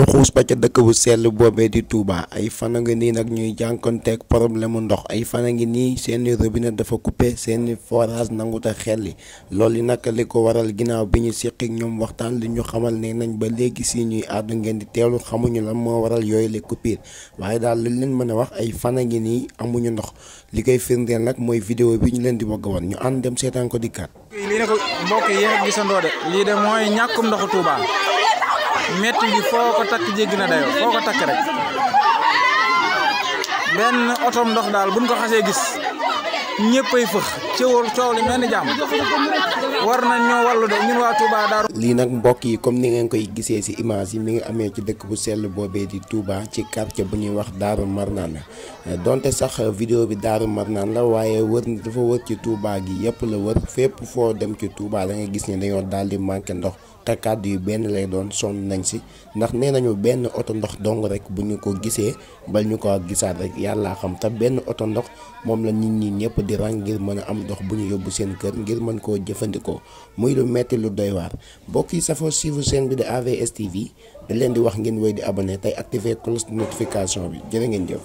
ñu xuus ba ca dëkk bu sell boobee di Touba ay fan a ngi nii nag ñuy jànkonteeg problème mu ndox ay fan a ngi nii seeni robinet dafa coupé seeni forage nangu te xelli loolu yi nag li ko waral ginnaaw bi ñu séq ak ñoom waxtaan li ñu xamal ne nañ ba léegi si ñuy àddu ngeen di teelu xamuñu lan moo waral yooyu le kuppiir waaye daal luñ leen mën a wax ay fan a ngi nii amuñu ndox li koy firndeel nag mooy vidéo bi ñu leen di bëgg woon ñu ànd dem seetaan ko ko mbokk yi metti gi foo ko takk jéggi na dayoo foo ko takk rek benn otom ndox daal buñ ko xasee gis ñëppay fëx ci wol coow li mel ni jàmm war nañ ñoo de ñun waa Touba lii nag mbokk yi comme ni ngeen koy gisee ci image yi mi ngi amee ci dëkk bu sell boobee di Touba ci quartier bu ñuy wax Daaru Marnaan la donte sax vidéo bi Daaru Marnaan la waaye wër na dafa wër ci Touba gi yépp la wër fépp foo dem ci Touba da nga gis ni dañoo daal di manqué ndox te kàddu yu benn lay doon sonn nañ si ndax nee nañu benn oto ndox dong rek bu ñu ko gisee bal ñu ko gisaat rek yàllaa xam te benn oto ndox moom la nit ñi ñëpp ñëpp di rang ngir mën am dox bu ñu yóbbu seen kër ngir mën koo jëfandikoo muy lu metti lu doy waar mbokk yi safoo suivre chaîne bi de AVS TV da leen di wax ngeen wéy di abonné tey activer cloche notification bi jërë ngeen jëf.